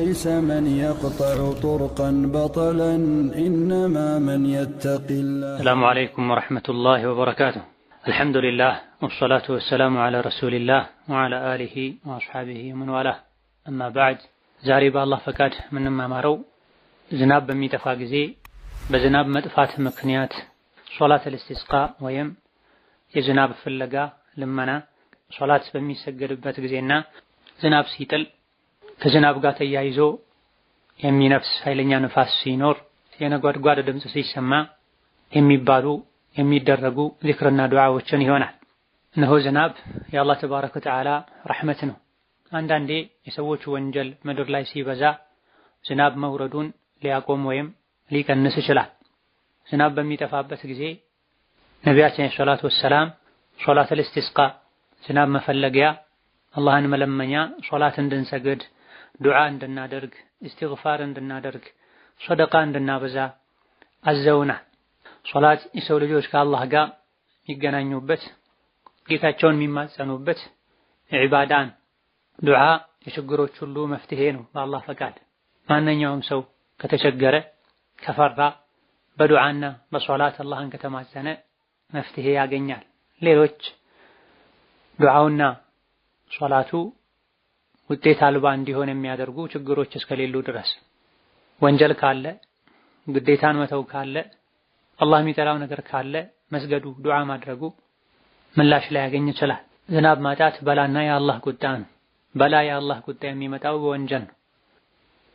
ليس من يقطع طرقا بطلا إنما من يتقي الله السلام عليكم ورحمة الله وبركاته الحمد لله والصلاة والسلام على رسول الله وعلى آله وأصحابه ومن والاه أما بعد ዛሬ በአላህ ፈቃድ የምንማማረው ዝናብ በሚጠፋ ጊዜ በዝናብ መጥፋት ምክንያት ሶላት ልስቲስቃ ወይም የዝናብ ፍለጋ ልመና ሶላት በሚሰገድበት ጊዜና ዝናብ ሲጥል ከዝናብ ጋር ተያይዞ የሚነፍስ ኃይለኛ ንፋስ ሲኖር የነጓድጓድ ድምፅ ሲሰማ የሚባሉ የሚደረጉ ዚክርና ዱዓዎችን ይሆናል። እነሆ ዝናብ የአላህ ተባረከ ወተዓላ ረሕመት ነው። አንዳንዴ የሰዎች ወንጀል ምድር ላይ ሲበዛ ዝናብ መውረዱን ሊያቆም ወይም ሊቀንስ ይችላል። ዝናብ በሚጠፋበት ጊዜ ነቢያችን ሰላቱ ወሰላም ሶላት ልስትስቃ! ዝናብ መፈለጊያ አላህን መለመኛ ሶላት እንድንሰግድ ዱዓ እንድናደርግ፣ እስትግፋር እንድናደርግ፣ ሰደቃ እንድናበዛ አዘውና ሶላት የሰው ልጆች ከአላህ ጋር የሚገናኙበት ጌታቸውን የሚማጸኑበት ዒባዳን ዱዓ የችግሮች ሁሉ መፍትሄ ነው በአላህ ፈቃድ። ማንኛውም ሰው ከተቸገረ ከፈራ በዱዓና በሶላት አላህን ከተማጸነ መፍትሄ ያገኛል። ሌሎች ዱዓውና ሶላቱ ውጤት አልባ እንዲሆን የሚያደርጉ ችግሮች እስከሌሉ ድረስ ወንጀል ካለ ግዴታን መተው ካለ አላህ የሚጠላው ነገር ካለ መስገዱ፣ ዱዓ ማድረጉ ምላሽ ላይ ያገኝ ይችላል። ዝናብ ማጣት በላና የአላህ ቁጣ ነው። በላ የአላህ ቁጣ የሚመጣው በወንጀል ነው።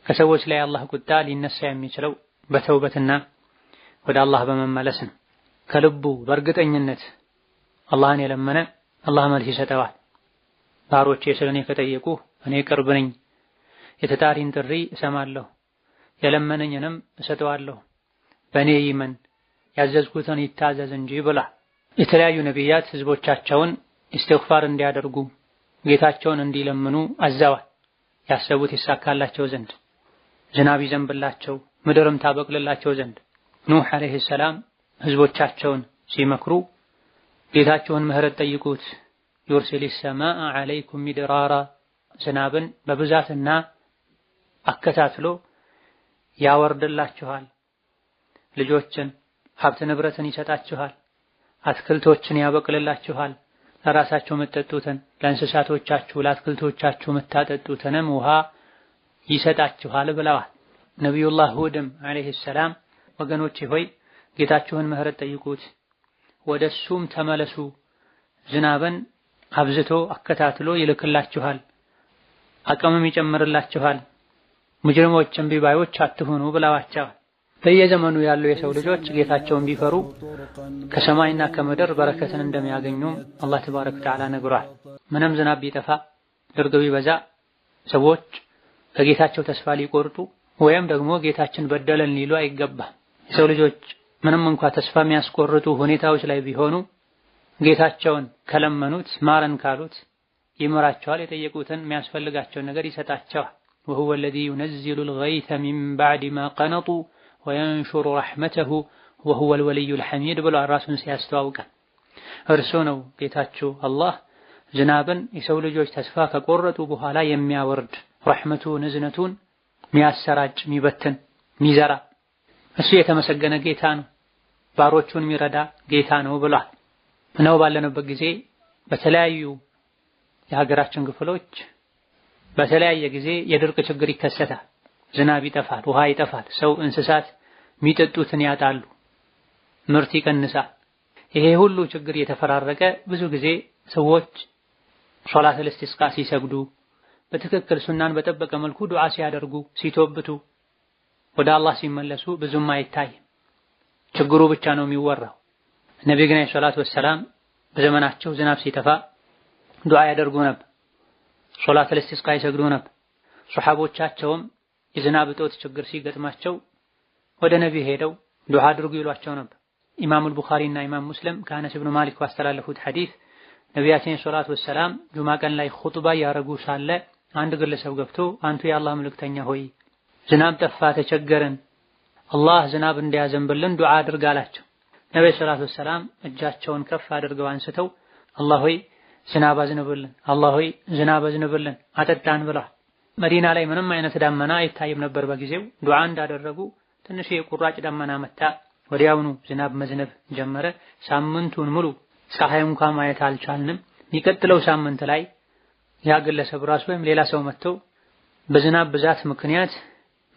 ከሰዎች ላይ የአላህ ቁጣ ሊነሳ የሚችለው በተውበትና ወደ አላህ በመመለስ ነው። ከልቡ በእርግጠኝነት አላህን የለመነ አላህ መልስ ይሰጠዋል። ባሮቼ ስለኔ ከጠየቁ እኔ ቅርብ ነኝ፣ የተጣሪን ጥሪ እሰማለሁ፣ የለመነኝንም እሰጠዋለሁ፣ በእኔ ይመን ያዘዝኩትን ይታዘዝ እንጂ ብላ የተለያዩ ነቢያት ህዝቦቻቸውን ኢስቲግፋር እንዲያደርጉ ጌታቸውን እንዲለምኑ አዘዋል። ያሰቡት ይሳካላቸው ዘንድ ዝናብ ይዘንብላቸው ምድርም ታበቅልላቸው ዘንድ ኑህ አለይሂ ሰላም ህዝቦቻቸውን ሲመክሩ ጌታቸውን ምህረት ጠይቁት ዩርሲሊ ሰማ ዓለይኩም ሚድራራ ዝናብን በብዛትና አከታትሎ ያወርድላችኋል። ልጆችን፣ ሀብት ንብረትን ይሰጣችኋል። አትክልቶችን ያበቅልላችኋል። ለራሳቸው የምትጠጡትን፣ ለእንስሳቶቻችሁ፣ ለአትክልቶቻችሁ የምታጠጡትንም ውሃ ይሰጣችኋል ብለዋል። ነቢዩላህ ሁድም ዓለይሂ ሰላም ወገኖቼ ሆይ ጌታችሁን ምህረት ጠይቁት፣ ወደ እሱም ተመለሱ። ዝናብን አብዝቶ አከታትሎ ይልክላችኋል። አቅምም ይጨምርላችኋል። ሙጅሪሞችም ቢባዮች ባዮች አትሁኑ ብለዋቸዋል። በየዘመኑ ያሉ የሰው ልጆች ጌታቸውን ቢፈሩ ከሰማይና ከምድር በረከትን እንደሚያገኙ አላህ ተባረከ ወተዓላ ነግሯል። ምንም ዝናብ ቢጠፋ ድርቅ ቢበዛ ሰዎች ከጌታቸው ተስፋ ሊቆርጡ ወይም ደግሞ ጌታችን በደለን ሊሉ አይገባም። የሰው ልጆች ምንም እንኳ ተስፋ የሚያስቆርጡ ሁኔታዎች ላይ ቢሆኑ ጌታቸውን ከለመኑት ማረን ካሉት ይመራቸዋል። የጠየቁትን የሚያስፈልጋቸውን ነገር ይሰጣቸዋል። ወሁወ አለዚ ዩነዚሉ አልገይተ ሚን ባዕድ ማ ቀነጡ ወየንሹሩ ረሕመተሁ ወሁወ አልወልዩ ልሐሚድ ብሏል። ራሱን ሲያስተዋውቀን እርሱ ነው ጌታችሁ አላህ ዝናብን የሰው ልጆች ተስፋ ከቆረጡ በኋላ የሚያወርድ ረሕመቱን እዝነቱን ሚያሰራጭ ሚበትን ሚዘራ እሱ የተመሰገነ ጌታ ነው፣ ባሮቹን የሚረዳ ጌታ ነው ብሏል። እነው ባለንበት ጊዜ በተለያዩ የሀገራችን ክፍሎች በተለያየ ጊዜ የድርቅ ችግር ይከሰታል። ዝናብ ይጠፋል፣ ውሃ ይጠፋል፣ ሰው እንስሳት የሚጠጡትን ያጣሉ፣ ምርት ይቀንሳል። ይሄ ሁሉ ችግር የተፈራረቀ ብዙ ጊዜ ሰዎች ሶላት ኢስቲስቃ ሲሰግዱ በትክክል ሱናን በጠበቀ መልኩ ዱዓ ሲያደርጉ ሲቶብቱ ወደ አላህ ሲመለሱ ብዙም አይታይም። ችግሩ ብቻ ነው የሚወራው። ነቢ ግን ሰላቱ ወሰላም በዘመናቸው ዝናብ ሲጠፋ ዱዓ ያደርጉ ነበር። ሶላት ለስቲስቃ ይሰግዱ ነበር። ሱሐቦቻቸውም የዝናብ እጦት ችግር ሲገጥማቸው ወደ ነቢ ሄደው ዱዓ አድርጉ ይሏቸው ነበር። ኢማም እና ኢማም ሙስሊም ከአነስ ኢብኑ ማሊክ ባስተላለፉት ሐዲስ ነቢያችን ሶላት ወሰላም ጁማ ቀን ላይ ኹጥባ ያረጉ ሳለ አንድ ግለሰብ ገብቶ አንቱ የአላህ መልእክተኛ ሆይ ዝናብ ጠፋ፣ ተቸገርን፣ አላህ ዝናብ እንዲያዘንብልን ዱዓ አድርግ አላቸው። ነቢዩ ሰላቱ ወሰላም እጃቸውን ከፍ አድርገው አንስተው አላህ ሆይ ዝናብ አዝንብልን፣ አላህ ሆይ ዝናብ አዝንብልን፣ አጠጣን ብላ። መዲና ላይ ምንም አይነት ዳመና አይታይም ነበር በጊዜው። ዱዓ እንዳደረጉ ትንሽ የቁራጭ ዳመና መታ። ወዲያውኑ ዝናብ መዝነብ ጀመረ። ሳምንቱን ሙሉ ፀሐይ እንኳ ማየት አልቻልንም። የሚቀጥለው ሳምንት ላይ ያ ግለሰብ ራሱ ወይም ሌላ ሰው መጥቶ በዝናብ ብዛት ምክንያት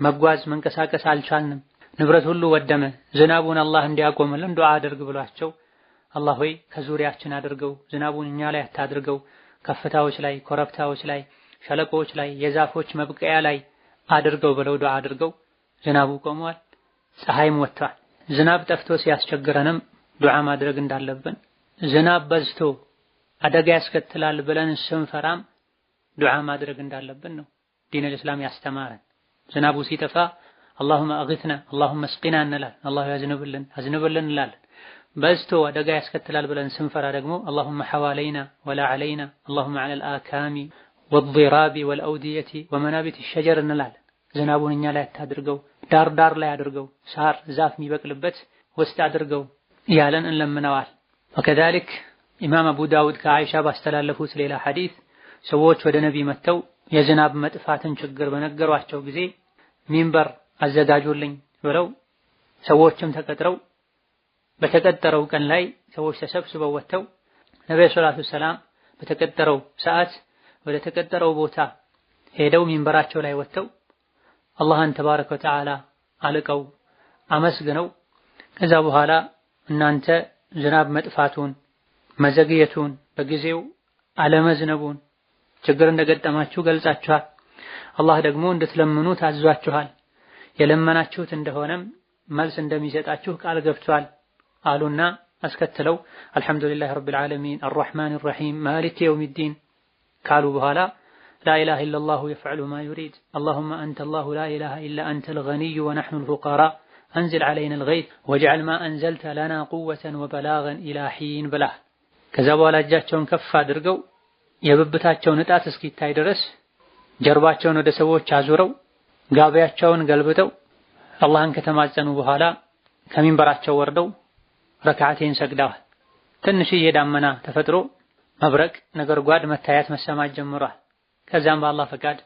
መጓዝ መንቀሳቀስ አልቻልንም፣ ንብረት ሁሉ ወደመ፣ ዝናቡን አላህ እንዲያቆምልን ዱዓ አድርግ ብሏቸው አላህ ሆይ ከዙሪያችን አድርገው፣ ዝናቡን እኛ ላይ አታድርገው፣ ከፍታዎች ላይ፣ ኮረብታዎች ላይ፣ ሸለቆዎች ላይ፣ የዛፎች መብቀያ ላይ አድርገው ብለው ዱዓ አድርገው ዝናቡ ቆመዋል፣ ፀሐይም ወጥቷል። ዝናብ ጠፍቶ ሲያስቸግረንም ዱዓ ማድረግ እንዳለብን ዝናብ በዝቶ አደጋ ያስከትላል ብለን ስንፈራም ዱዓ ማድረግ እንዳለብን ነው ዲነል እስላም ያስተማረን። ዝናቡ ሲጠፋ አላሁመ አግትና አላሁመ እስቂና እንላለን። አላሁ ያዝንብልን አዝንብልን እንላለን። በዝቶ አደጋ ያስከትላል ብለን ስንፈራ ደግሞ አላሁመ ሐዋለይና ወላ ዐለይና አላሁመ ዐለል አካሚ ወዲራቢ ወልአውድየቲ ወመናቢት ሸጀር እንላለን። ዝናቡን እኛ ላይ አታድርገው፣ ዳር ዳር ላይ አድርገው፣ ሳር ዛፍ የሚበቅልበት ውስጥ አድርገው እያለን እንለምነዋል። ወከዛሊክ ኢማም አቡ ዳውድ ከአይሻ ባስተላለፉት ሌላ ሐዲስ ሰዎች ወደ ነቢ መጥተው የዝናብ መጥፋትን ችግር በነገሯቸው ጊዜ ሚንበር አዘጋጁልኝ ብለው ሰዎችም ተቀጥረው በተቀጠረው ቀን ላይ ሰዎች ተሰብስበው ወጥተው ነብዩ ሰለላሁ ሰላም በተቀጠረው ሰዓት ወደ ተቀጠረው ቦታ ሄደው ሚንበራቸው ላይ ወጥተው አላህን ተባረከ ወተዓላ አልቀው አመስግነው ከዛ በኋላ እናንተ ዝናብ መጥፋቱን መዘግየቱን በጊዜው አለመዝነቡን ችግር እንደገጠማችሁ ገልጻችኋል። አላህ ደግሞ እንድትለምኑት አዟችኋል። የለመናችሁት እንደሆነም መልስ እንደሚሰጣችሁ ቃል ገብቷል። አሉና አስከትለው አልሐምዱሊላህ ረቢል ዓለሚን አርራህማን አርራሂም ማሊክ የውሚዲን ካሉ በኋላ ላኢላሃ ኢለላሁ የፍዕሉ ማ ዩሪድ አላሁመ አንተ አላሁ ላኢላሃ ኢላ አንተ አልገኒዩ ወነሕኑ አልፉቃራ አንዝል ዓለይና አልገይት ወጅዐል ማ አንዘልተ ለና ቁወተን ወበላገን ኢላ ሒን ብላህ። ከዛ በኋላ እጃቸውን ከፍ አድርገው የብብታቸውን እጣት እስኪታይ ድረስ ጀርባቸውን ወደ ሰዎች አዙረው ጋቢያቸውን ገልብጠው አላህን ከተማጸኑ በኋላ ከሚንበራቸው ወርደው ረክዓቴን ሰግደዋል። ትንሽዬ ዳመና ተፈጥሮ መብረቅ፣ ነጎድጓድ መታየት መሰማት ጀምሯል። ከዛም በአላህ ፈቃድ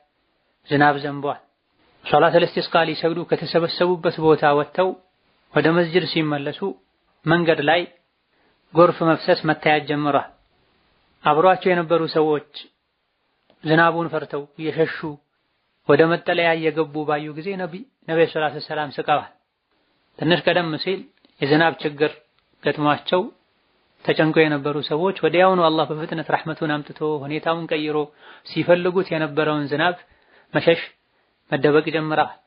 ዝናብ ዘንቧል። ሶላተል ኢስቲስቃ ሊሰግዱ ከተሰበሰቡበት ቦታ ወጥተው ወደ መስጅድ ሲመለሱ መንገድ ላይ ጎርፍ መፍሰስ መታየት ጀምሯል። አብሯቸው የነበሩ ሰዎች ዝናቡን ፈርተው እየሸሹ ወደ መጠለያ እየገቡ ባዩ ጊዜ ነቢ ነብዩ ሰለላሁ ዐለይሂ ስቀዋል። ትንሽ ቀደም ሲል የዝናብ ችግር ገጥሟቸው ተጨንቆ የነበሩ ሰዎች ወዲያውኑ አላህ በፍጥነት ረሕመቱን አምጥቶ ሁኔታውን ቀይሮ ሲፈልጉት የነበረውን ዝናብ መሸሽ መደበቅ ጀምረዋል።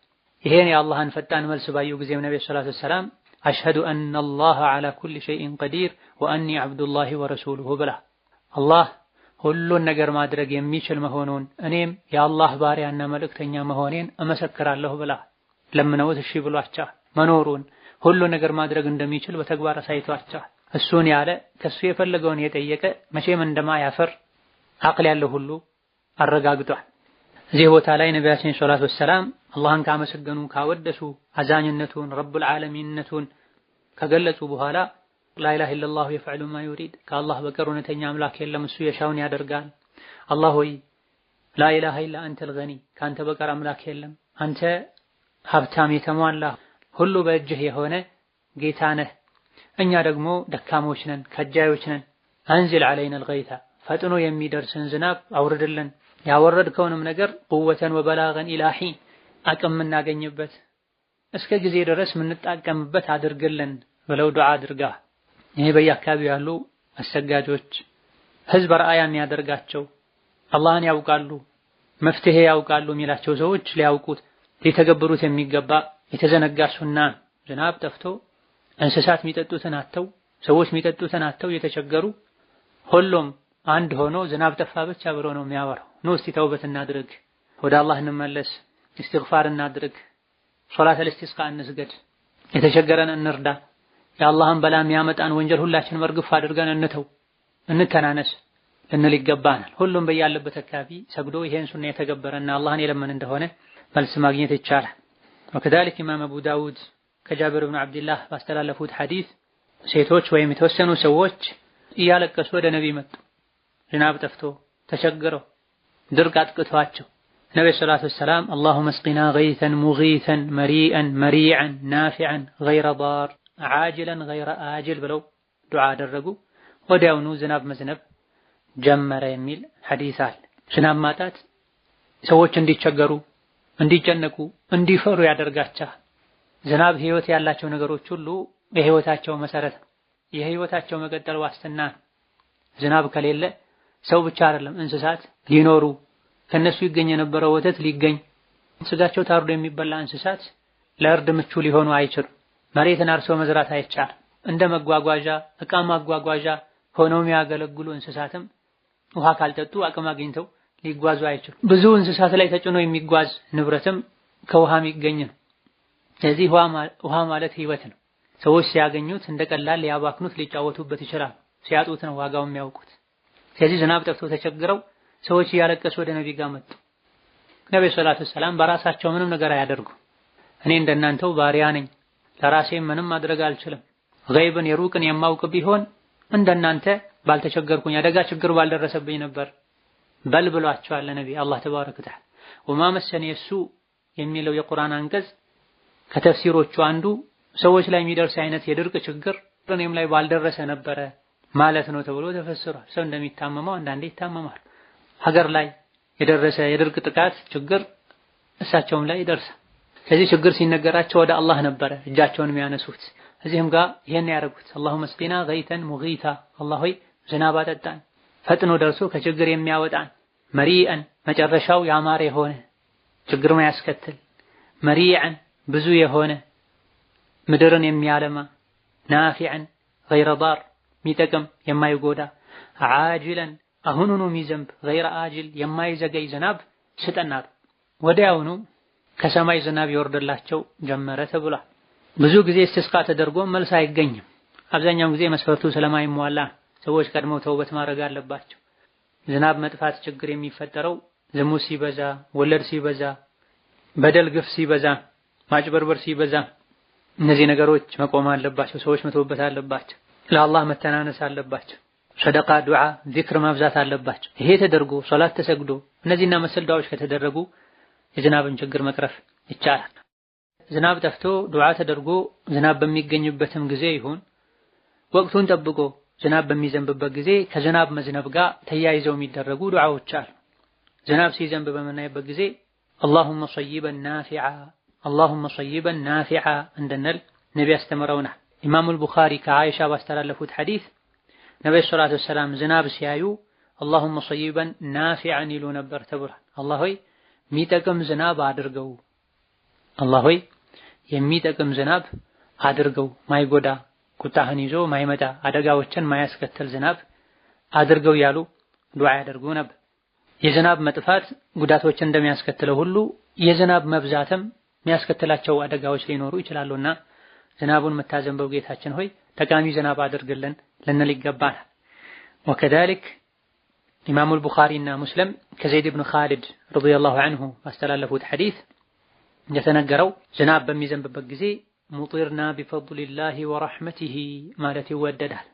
ይሄን የአላህን ፈጣን መልስ ባዩ ጊዜም ነብዩ ሰለላሁ ዐለይሂ ወሰለም አሽሀዱ አነ አላህ ዐላ ኩሊ ሸይኢን ቀዲር ወአኒ ዐብዱላሂ ወረሱሉሁ ብላ አላህ ሁሉን ነገር ማድረግ የሚችል መሆኑን እኔም የአላህ ባሪያና መልእክተኛ መሆኔን እመሰክራለሁ ብላ ለምነውት እሺ ብሏቻ መኖሩን ሁሉ ነገር ማድረግ እንደሚችል በተግባር አሳይቷቸዋል። እሱን ያለ ከሱ የፈለገውን የጠየቀ መቼም እንደማያፈር አቅል ያለው ሁሉ አረጋግጧል። እዚህ ቦታ ላይ ነቢያችን ሰለላሁ ዐለይሂ አላህን ካመሰገኑ ካወደሱ፣ አዛኝነቱን ረቡል ዓለሚንነቱን ከገለጹ በኋላ ላኢላሃ ኢለላሁ የፈዕሉ ማ ዩሪድ ከአላህ በቀር እውነተኛ አምላክ የለም፣ እሱ የሻውን ያደርጋል። አላህ ሆይ ላኢላሃ ኢላ አንተ ገኒ ከአንተ በቀር አምላክ የለም፣ አንተ ሀብታም የተሟላ ሁሉ በእጅህ የሆነ ጌታ ነህ። እኛ ደግሞ ደካሞች ነን፣ ከጃዮች ነን። አንዚል ዐለይና አልገይታ ፈጥኖ የሚደርስን ዝናብ አውርድልን፣ ያወረድከውንም ነገር ቁወተን ወበላገን ኢላሂን አቅም የምናገኝበት እስከ ጊዜ ድረስ የምንጠቀምበት አድርግልን ብለው ዱዓ አድርጋ። ይህ በየአካባቢው ያሉ አሰጋጆች ህዝብ ረአያ የሚያደርጋቸው አላህን ያውቃሉ መፍትሄ ያውቃሉ የሚላቸው ሰዎች ሊያውቁት ሊተገብሩት የሚገባ የተዘነጋ ሱና ዝናብ ጠፍቶ እንስሳት የሚጠጡትን አተው ሰዎች የሚጠጡትን አተው የተቸገሩ ሁሉም አንድ ሆኖ ዝናብ ጠፋ ብቻ ብሎ ነው የሚያወራው። ኑ እስቲ ተውበት እናድርግ፣ ወደ አላህ እንመለስ፣ ኢስቲግፋር እናድርግ፣ ሶላት ኢስቲስቃ እንስገድ፣ የተቸገረን እንርዳ፣ የአላህን በላ የሚያመጣን ወንጀል ሁላችን መርግፍ አድርገን እንተው፣ እንተናነስ ልንል ይገባናል። ሁሉም በያለበት አካባቢ ሰግዶ ይሄን ሱና የተገበረና አላህን የለመን እንደሆነ መልስ ማግኘት ይቻላል። وكذلك إمام أبو داود كجابر بن عبد الله فاستلا لفود حديث سيتوش ويمتوسن سووش إيالك كسود نبي مت جناب تفتو تشقره درقات كتواتشو نبي صلى الله عليه وسلم اللهم اسقنا غيثا مغيثا مريئا مريعا نافعا غير ضار عاجلا غير آجل بلو دعاء درقو وداونو زناب مزنب جمر يميل حديثال جناب ماتات سووش اندي تشقره እንዲጨነቁ እንዲፈሩ ያደርጋቸዋል። ዝናብ ህይወት ያላቸው ነገሮች ሁሉ የህይወታቸው መሰረት ነው። የህይወታቸው መቀጠል ዋስትና ነው። ዝናብ ከሌለ ሰው ብቻ አይደለም እንስሳት ሊኖሩ ከነሱ ይገኝ የነበረው ወተት ሊገኝ ስጋቸው ታርዶ የሚበላ እንስሳት ለእርድ ምቹ ሊሆኑ አይችሉም። መሬትን አርሶ መዝራት አይቻልም። እንደ መጓጓዣ እቃ ማጓጓዣ ሆነው የሚያገለግሉ እንስሳትም ውሃ ካልጠጡ አቅም አግኝተው ሊጓዙ አይችሉ። ብዙ እንስሳት ላይ ተጭኖ የሚጓዝ ንብረትም ከውሃ የሚገኝ ነው። ስለዚህ ውሃ ማለት ህይወት ነው። ሰዎች ሲያገኙት እንደ ቀላል ሊያባክኑት ሊጫወቱበት ይችላል። ሲያጡት ነው ዋጋው የሚያውቁት። ስለዚህ ዝናብ ጠፍቶ ተቸግረው ሰዎች እያለቀሱ ወደ ነቢ ጋር መጡ። ነቢ ሰላቱ ሰላም በራሳቸው ምንም ነገር አያደርጉ፣ እኔ እንደናንተው ባሪያ ነኝ፣ ለራሴ ምንም ማድረግ አልችልም፣ ገይብን የሩቅን የማውቅ ቢሆን እንደናንተ ባልተቸገርኩኝ፣ አደጋ ችግር ባልደረሰብኝ ነበር በል ብሏቸዋል ለነቢይ አላህ ተባረከ ወተዓላ። ወማ መሰኒ የሱ የሚለው የቁርአን አንቀጽ ከተፍሲሮቹ አንዱ ሰዎች ላይ የሚደርስ አይነት የድርቅ ችግር እኔም ላይ ባልደረሰ ነበረ ማለት ነው ተብሎ ተፈስሯል። ሰው እንደሚታመመው አንዳንዴ ይታመማል። ሀገር ላይ የደረሰ የድርቅ ጥቃት ችግር እሳቸውም ላይ ይደርሳል። ከዚህ ችግር ሲነገራቸው ወደ አላህ ነበረ እጃቸውን የሚያነሱት። እዚህም ጋር ይሄን ያደረጉት አላሁመ ስቂና ገይተን ሙጊታ አላህ ሆይ ዝናብ አጠጣን ፈጥኖ ደርሶ ከችግር የሚያወጣን መሪዕን መጨረሻው ያማረ የሆነ ችግር ያስከትል መሪዕን ብዙ የሆነ ምድርን የሚያለማ ናፊዕን ገይረ ዳር የሚጠቅም የማይጎዳ አጅለን አሁኑኑ የሚዘንብ ገይረ አጅል የማይዘገይ ዝናብ ስጠናት ወዲያውኑ ከሰማይ ዝናብ ይወርድላቸው ጀመረ ተብሏል። ብዙ ጊዜ እስቲስቃ ተደርጎ መልስ አይገኝም። አብዛኛውን ጊዜ መስፈርቱ ስለማይሟላ ሰዎች ቀድመው ተውበት ማድረግ አለባቸው። ዝናብ መጥፋት ችግር የሚፈጠረው ዝሙት ሲበዛ፣ ወለድ ሲበዛ፣ በደል ግፍ ሲበዛ፣ ማጭበርበር ሲበዛ፣ እነዚህ ነገሮች መቆም አለባቸው። ሰዎች መተውበት አለባቸው። ለአላህ መተናነስ አለባቸው። ሰደቃ፣ ዱዓ፣ ዚክር ማብዛት አለባቸው። ይሄ ተደርጎ ሶላት ተሰግዶ እነዚህና መሰል ዱዓዎች ከተደረጉ የዝናብን ችግር መቅረፍ ይቻላል። ዝናብ ጠፍቶ ዱዓ ተደርጎ ዝናብ በሚገኝበትም ጊዜ ይሁን ወቅቱን ጠብቆ ዝናብ በሚዘንብበት ጊዜ ከዝናብ መዝነብ ጋር ተያይዘው የሚደረጉ ዱዓዎች አሉ። ዝናብ ሲዘንብ በምናይበት ጊዜ اللهم صيبا نافعا اللهم صيبا نافعا እንደነል ነቢ አስተምረውናል። ኢማሙል አልቡኻሪ ከአይሻ ባስተላለፉት ሐዲስ ነቢ ሰለላሁ ዐለይሂ ዝናብ ሲያዩ اللهم صيبا نافعا ይሉ ነበር ተብሏል። አላህ ሆይ የሚጠቅም ዝናብ አድርገው፣ አላህ ሆይ የሚጠቅም ዝናብ አድርገው ማይጎዳ ቁጣህን ይዞ ማይመጣ አደጋዎችን ማያስከተል ዝናብ አድርገው ያሉ ዱዓ ያደርጉ ነበር። የዝናብ መጥፋት ጉዳቶችን እንደሚያስከትለው ሁሉ የዝናብ መብዛትም የሚያስከትላቸው አደጋዎች ሊኖሩ ይችላሉና ዝናቡን የምታዘንበው ጌታችን ሆይ ጠቃሚ ዝናብ አድርግልን ልንል ይገባል። ወከዛሊክ ኢማሙል ቡኻሪና ሙስሊም ከዘይድ ብን ኻሊድ ረዲየላሁ ዐንሁ ባስተላለፉት ሐዲስ እንደተነገረው ዝናብ በሚዘንብበት ጊዜ ሙጢርና ቢፈضሊላሂ ወረሕመቲሂ ማለት ይወደዳል።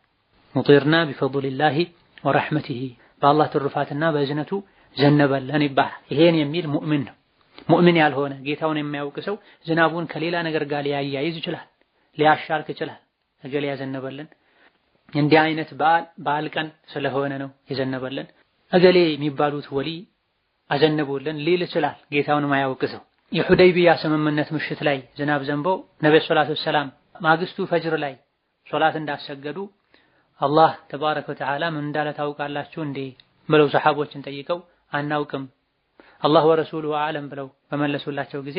ሙጢርና ቢፈضሊላሂ ወረሕመቲሂ በአላህ ትሩፋትና በእዝነቱ ዘነበለን ይባላል። ይሄን የሚል ሙእሚን ነው። ሙእሚን ያልሆነ ጌታውን የሚያውቅ ሰው ዝናቡን ከሌላ ነገር ጋር ሊያያይዝ ይችላል፣ ሊያሻርክ ይችላል። እገሌ ያዘነበለን እንዲህ አይነት በዓል ቀን ስለሆነ ነው የዘነበለን፣ እገሌ የሚባሉት ወሊ አዘነቡልን ሊል ይችላል። ጌታውን የማያውቅ ሰው የሁደይቢያ ስምምነት ምሽት ላይ ዝናብ ዘንቦ ነብዩ ሰለላሁ ዐለይሂ ወሰለም ማግስቱ ፈጅር ላይ ሶላት እንዳሰገዱ አላህ ተባረከ ወተዓላ ምን እንዳለ ታውቃላችሁ እንዴ ብለው ሰሐቦችን ጠይቀው አናውቅም፣ አላህ ወረሱሉ አለም ብለው በመለሱላቸው ጊዜ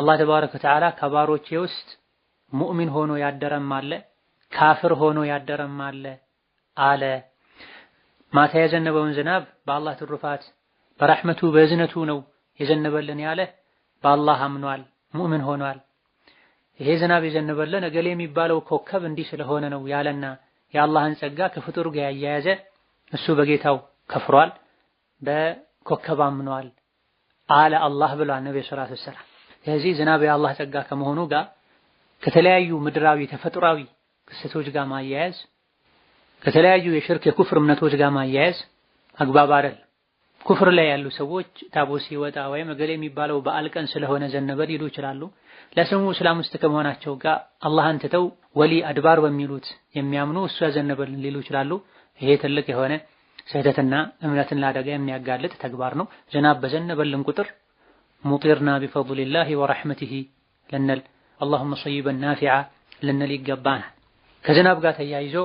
አላህ ተባረከ ወተዓላ ከባሮቼ ውስጥ ሙእሚን ሆኖ ያደረም አለ፣ ካፍር ሆኖ ያደረም አለ አለ። ማታ የዘነበውን ዝናብ በአላህ ትሩፋት በረሕመቱ በእዝነቱ ነው የዘነበልን ያለ በአላህ አምኗል፣ ሙእምን ሆኗል። ይሄ ዝናብ የዘነበለን እገሌ የሚባለው ኮከብ እንዲህ ስለሆነ ነው ያለና የአላህን ጸጋ ከፍጡር ጋር ያያያዘ እሱ በጌታው ከፍሯል፣ በኮከብ አምኗል አለ አላህ ብሏል ነብዩ ሰለላሁ ዐለይሂ ስለዚህ ዝናብ የአላህ ጸጋ ከመሆኑ ጋር ከተለያዩ ምድራዊ ተፈጥሯዊ ክስተቶች ጋር ማያያዝ ከተለያዩ የሽርክ የኩፍር እምነቶች ጋር ማያያዝ አግባብ አይደለም። ኩፍር ላይ ያሉ ሰዎች ታቦ ሲወጣ ወይም እገሌ የሚባለው በዓል ቀን ስለሆነ ዘነበ ሊሉ ይችላሉ። ለስሙ እስላም ውስጥ ከመሆናቸው ጋር አላህን ትተው ወሊ አድባር በሚሉት የሚያምኑ እሱ ያዘነበልን ሊሉ ይችላሉ። ይሄ ትልቅ የሆነ ስህተትና እምነትን ለአደጋ የሚያጋልጥ ተግባር ነው። ዝናብ በዘነበልን ቁጥር ሙጢርና ቢፈድሊላሂ ወረሕመቲሂ ልንል አላሁመ ሰይበን ናፊዓ ልንል ይገባናል። ከዝናብ ጋር ተያይዞ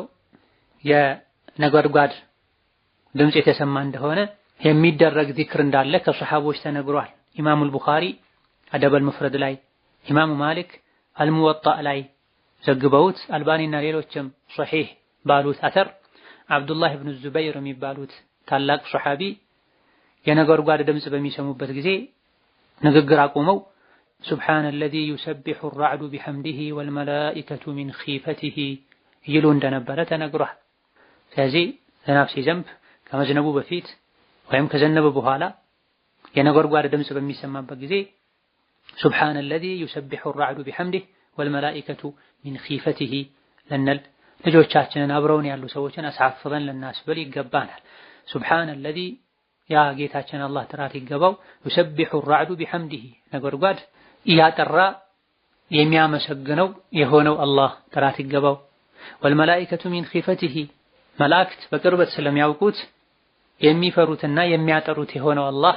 የነጎድጓድ ድምፅ የተሰማ እንደሆነ የሚደረግ ዚክር እንዳለ ከሰሐቦች ተነግሯል። ኢማሙ አልቡኻሪ አደበል መፍረድ ላይ፣ ኢማሙ ማሊክ አልሙወጣ ላይ ዘግበውት አልባኒና ሌሎችም ሶሒህ ባሉት አተር አብዱላህ ብኑ ዙበይር የሚባሉት ታላቅ ሶሐቢ የነጎድጓድ ድምፅ በሚሰሙበት ጊዜ ንግግር አቁመው ሱብሓነ አለዚ ዩሰቢሑ አራዕዱ ቢሐምዲሂ ወልመላኢከቱ ሚን ኺፈቲሂ ይሉ እንደነበረ ተነግሯል። ስለዚህ ዝናብ ሲዘንብ ከመዝነቡ በፊት ወይም ከዘነበ በኋላ የነጎድጓድ ድምፅ በሚሰማበት ጊዜ سبحان الذي يسبح الرعد بحمده والملائكة من خيفته لنل ልጆቻችንን አብረውን ያሉ ሰዎችን አሳፍበን ልናስብል ይገባናል። سبحان الذي ያ ጌታችን አላህ ጥራት ይገባው يسبح الرعد بحمده ነጎድጓድ እያጠራ የሚያመሰግነው የሆነው አላህ ጥራት ይገባው ወልመላኢከቱ من خيفته መላእክት በቅርበት ስለሚያውቁት የሚፈሩትና የሚያጠሩት የሆነው አላህ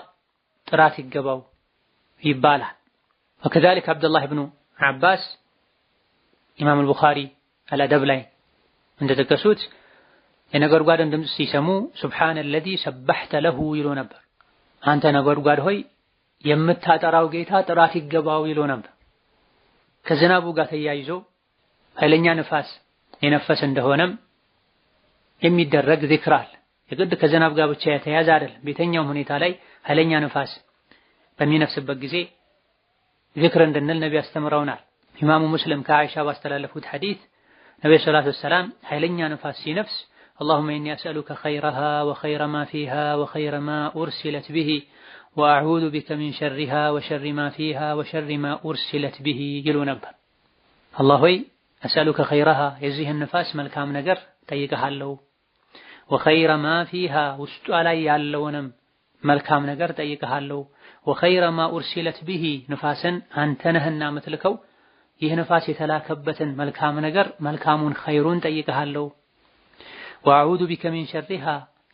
ጥራት ይገባው ይባላል። ወከዛሊክ አብዱላህ ብኑ አባስ ኢማም አልቡኻሪ አልአደብ ላይ እንደጠቀሱት የነጎድጓድን ድምፅ ሲሰሙ ሱብሓነ አለዚ ሰበሕተ ለሁ ይሎ ነበር። አንተ ነጎድጓድ ሆይ የምታጠራው ጌታ ጥራት ይገባው ይሎ ነበር። ከዝናቡ ጋር ተያይዞ ኃይለኛ ንፋስ የነፈስ እንደሆነም የሚደረግ ዚክር አለ። የግድ ከዝናብ ጋር ብቻ የተያያዘ አይደለም። ቤተኛውም ሁኔታ ላይ ኃይለኛ ንፋስ በሚነፍስበት ጊዜ ዚክር እንድንል ነቢ አስተምረውናል። ኢማሙ ሙስሊም ከአይሻ ባስተላለፉት ሐዲስ ነቢ ሰለላሁ ዐለይሂ ኃይለኛ ንፋስ ሲነፍስ اللهم إني أسألك خيرها وخير ما فيها وخير ما أرسلت به وأعوذ بك من شرها وشر ما فيها وشر ما أرسلت به ይሉ ነበር። አላህ ሆይ አስአሉከ ኸይረሃ የዚህን ንፋስ መልካም ነገር ጠይቀሃለሁ ወኸይረ ማ ፊሃ ውስጧ ላይ ያለውንም መልካም ነገር ጠይቀሃለሁ። ወኸይረ ማ ኡርሲለት ቢሂ ንፋስን አንተ ነህና ምትልከው ይህ ንፋስ የተላከበትን መልካም ነገር መልካሙን ኸይሩን ጠይቀሃለሁ። ወአዑዙ ቢከ ሚን ሸሪሃ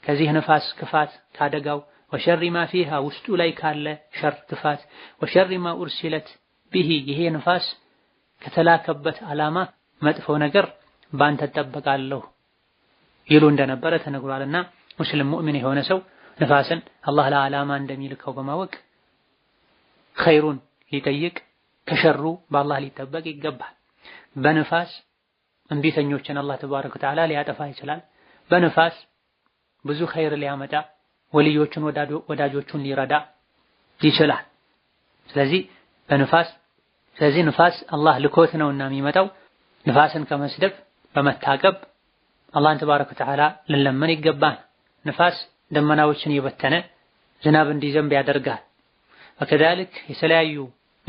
ከዚህ ንፋስ ክፋት ካደጋው ወሸሪ ማ ፊሃ ውስጡ ላይ ካለ ሸር ክፋት ወሸሪ ማ ኡርሲለት ቢሂ ይሄ ንፋስ ከተላከበት ዓላማ መጥፎ ነገር ባንተ እጠበቃለሁ። ይሉ እንደነበረ ተነግሯልና ሙስሊም ሙእሚን የሆነ ሰው ንፋስን አላህ ለዓላማ እንደሚልከው በማወቅ ኸይሩን ሊጠይቅ ከሸሩ በአላህ ሊጠበቅ ይገባል። በንፋስ እንቢተኞችን አላህ ተባረከ ወተዓላ ሊያጠፋ ይችላል። በንፋስ ብዙ ኸይር ሊያመጣ ወልዮቹን ወዳጆቹን ሊረዳ ይችላል። ስለዚህ በንፋስ ስለዚህ ንፋስ አላህ ልኮት ነውና የሚመጣው ንፋስን ከመስደብ በመታቀብ አላህን ተባረከ ወተዓላ ልንለመን ይገባል። ንፋስ ደመናዎችን የበተነ ዝናብ እንዲዘንብ ያደርጋል። ወከዛልክ የተለያዩ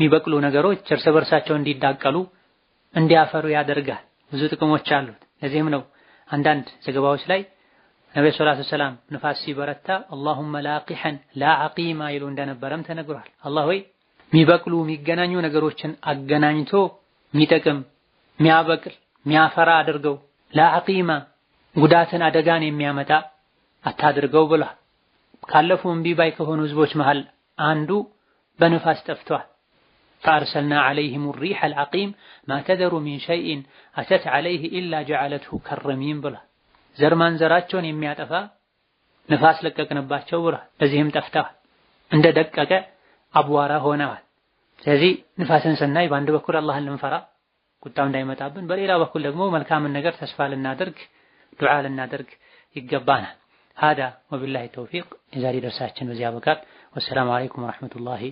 የሚበቅሉ ነገሮች እርስ በርሳቸው እንዲዳቀሉ እንዲያፈሩ ያደርጋል። ብዙ ጥቅሞች አሉት። ለዚህም ነው አንዳንድ ዘገባዎች ላይ ነብዩ ሰለላሁ ዐለይሂ ንፋስ ሲበረታ አላሁመ لاقحا لا عقيما ይሉ እንደነበረም ተነግሯል። አላህ ሆይ የሚበቅሉ የሚገናኙ ነገሮችን አገናኝቶ የሚጠቅም የሚያበቅል የሚያፈራ አድርገው لا عقيما ጉዳትን አደጋን የሚያመጣ አታድርገው ብሏል። ካለፉ እምቢ ባይ ከሆኑ ህዝቦች መሃል አንዱ በንፋስ ጠፍቷል። ፈአርሰልና ዐለይሂም ሪሕ አልዐቂም ማተዘሩ ሚን ሸይኢን አተት ዐለይህ ኢላ ጀዓለትሁ ከረሚም ብሏል። ዘር ማንዘራቸውን የሚያጠፋ ንፋስ ለቀቅንባቸው ብሏል። በዚህም ጠፍተዋል፣ እንደ ደቀቀ አቧራ ሆነዋል። ስለዚህ ንፋስን ስናይ በአንድ በኩል አላህን ልንፈራ ቁጣው እንዳይመጣብን፣ በሌላ በኩል ደግሞ መልካምን ነገር ተስፋ ልናደርግ ዱዓ ልናደርግ ይገባናል። ሀዳ ወቢላሂ ተውፊቅ የዛሬ ደርሳችን በዚህ ያበቃል። ወሰላሙ አለይኩም ወረሕመቱላሂ